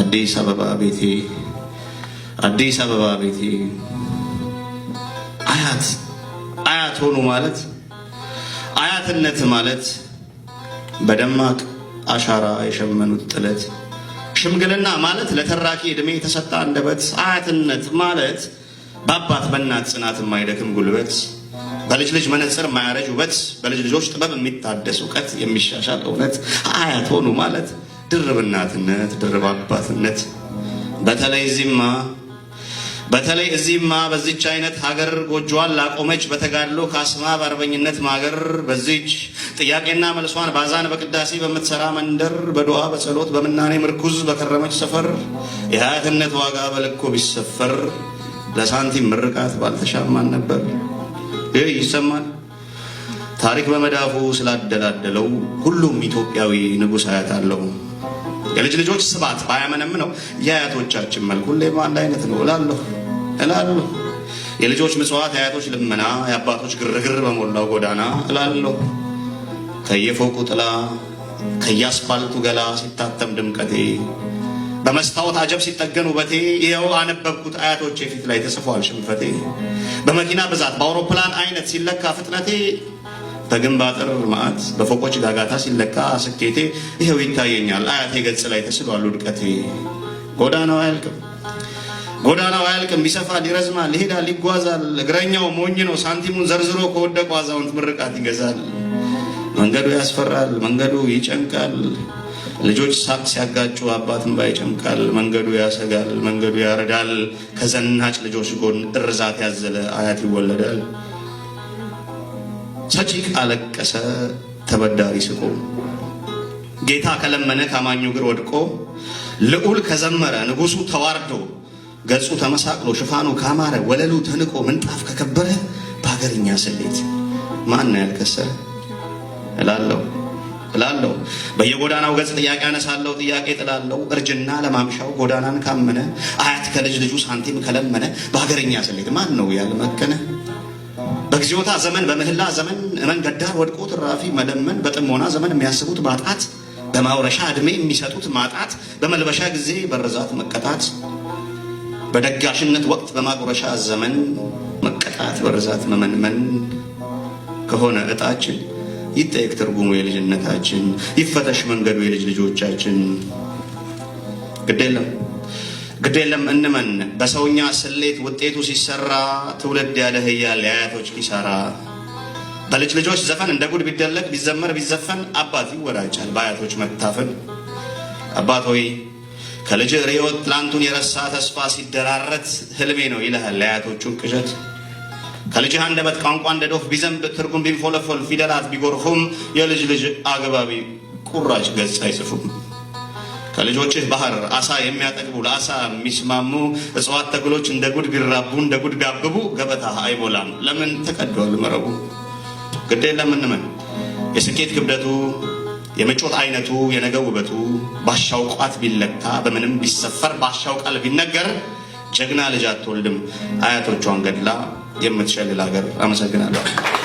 አዲስ አበባ ቤቴ፣ አዲስ አበባ ቤቴ። አያት አያት ሆኑ ማለት አያትነት ማለት በደማቅ አሻራ የሸመኑት ጥለት። ሽምግልና ማለት ለተራኪ ዕድሜ የተሰጠ አንደበት። አያትነት ማለት በአባት በእናት ጽናት የማይደክም ጉልበት፣ በልጅ ልጅ መነጽር የማያረጅ ውበት፣ በልጅ ልጆች ጥበብ የሚታደስ እውቀት፣ የሚሻሻል እውነት። አያት ሆኑ ማለት ድርብ እናትነት፣ ድርብ አባትነት በተለይ እዚህማ በተለይ እዚህማ በዚች አይነት ሀገር ጎጆዋን ላቆመች በተጋድሎ ካስማ በአርበኝነት ማገር በዚች ጥያቄና መልሷን ባዛን በቅዳሴ በምትሰራ መንደር በዱዓ በጸሎት በምናኔ ምርኩዝ በከረመች ሰፈር የሀያትነት ዋጋ በልኮ ቢሰፈር ለሳንቲም ምርቃት ባልተሻማን ነበር። ይህ ይሰማል ታሪክ በመዳፉ ስላደላደለው ሁሉም ኢትዮጵያዊ ንጉሥ አያት አለው። የልጅ ልጆች ስባት ባያመነም ነው የአያቶቻችን መልኩ ሁሌም አንድ አይነት ነው እላለሁ እላለሁ። የልጆች ምጽዋት፣ የአያቶች ልመና፣ የአባቶች ግርግር በሞላው ጎዳና እላለሁ። ከየፎቁ ጥላ ከየአስፋልቱ ገላ ሲታተም ድምቀቴ በመስታወት አጀብ ሲጠገን ውበቴ ይኸው አነበብኩት አያቶች ፊት ላይ ተጽፏል ሽንፈቴ በመኪና ብዛት በአውሮፕላን አይነት ሲለካ ፍጥነቴ ተግን በአጥር በፎቆች ጋጋታ ሲለካ ስኬቴ ይኸው ይታየኛል አያቴ ገጽ ላይ ተስሏል ውድቀቴ። ጎዳናው አያልቅም ጎዳናው አያልቅም ቢሰፋል ይረዝማል ይሄዳል ይጓዛል። እግረኛው ሞኝ ነው ሳንቲሙን ዘርዝሮ ከወደቁ አዛውንት ምርቃት ይገዛል። መንገዱ ያስፈራል መንገዱ ይጨንቃል። ልጆች ሳቅ ሲያጋጩ አባትን ባይ ይጨምቃል። መንገዱ ያሰጋል መንገዱ ያረዳል። ከዘናጭ ልጆች ጎን እርዛት ያዘለ አያት ይወለዳል። ሰጪ አለቀሰ፣ ተበዳሪ ስቆ። ጌታ ከለመነ ካማኙ እግር ወድቆ፣ ልዑል ከዘመረ ንጉሱ ተዋርዶ፣ ገጹ ተመሳቅሎ ሽፋኑ ካማረ፣ ወለሉ ተንቆ ምንጣፍ ከከበረ፣ በሀገርኛ ስሌት ማን ነው ያልከሰረ? እላለሁ እላለሁ በየጎዳናው ገጽ ጥያቄ አነሳለሁ፣ ጥያቄ ጥላለሁ። እርጅና ለማምሻው ጎዳናን ካመነ፣ አያት ከልጅ ልጁ ሳንቲም ከለመነ፣ በሀገርኛ ስሌት ማን ነው ያልመከነ? በግዚዮታ ዘመን በምህላ ዘመን መንገድ ዳር ወድቆ ትራፊ መለመን በጥሞና ዘመን የሚያስቡት ማጣት በማውረሻ ዕድሜ የሚሰጡት ማጣት በመልበሻ ጊዜ በርዛት መቀጣት በደጋሽነት ወቅት በማጉረሻ ዘመን መቀጣት በርዛት መመንመን ከሆነ እጣችን ይጠየቅ ትርጉሙ የልጅነታችን ይፈተሽ መንገዱ የልጅ ልጆቻችን ግድ የለም። ግዴለም እንመን በሰውኛ ስሌት ውጤቱ ሲሰራ ትውልድ ያለ ህያል የአያቶች ኪሳራ በልጅ ልጆች ዘፈን እንደ ጉድ ቢደለቅ ቢዘመር ቢዘፈን አባት ይወራጫል በአያቶች መታፈን። አባት ሆይ ከልጅ ርዮት ትላንቱን የረሳ ተስፋ ሲደራረት ህልሜ ነው ይልሃል ለአያቶቹን ቅዠት። ከልጅህ አንደበት ቋንቋ እንደ ዶፍ ቢዘንብ ትርጉም ቢንፎለፎል ፊደላት ቢጎርፉም የልጅ ልጅ አግባቢ ቁራጭ ገጽ አይጽፉም። ከልጆችህ ባህር አሳ የሚያጠግቡ ለአሳ የሚስማሙ እጽዋት ተክሎች እንደ ጉድ ቢራቡ እንደ ጉድ ቢያብቡ ገበታ አይሞላም። ለምን ተቀደዋል መረቡ? ግዴ ለምንምን የስኬት ክብደቱ የመጮት አይነቱ የነገ ውበቱ ባሻው ቋት ቢለካ በምንም ቢሰፈር ባሻው ቃል ቢነገር ጀግና ልጅ አትወልድም አያቶቿን ገድላ የምትሸልል ሀገር። አመሰግናለሁ።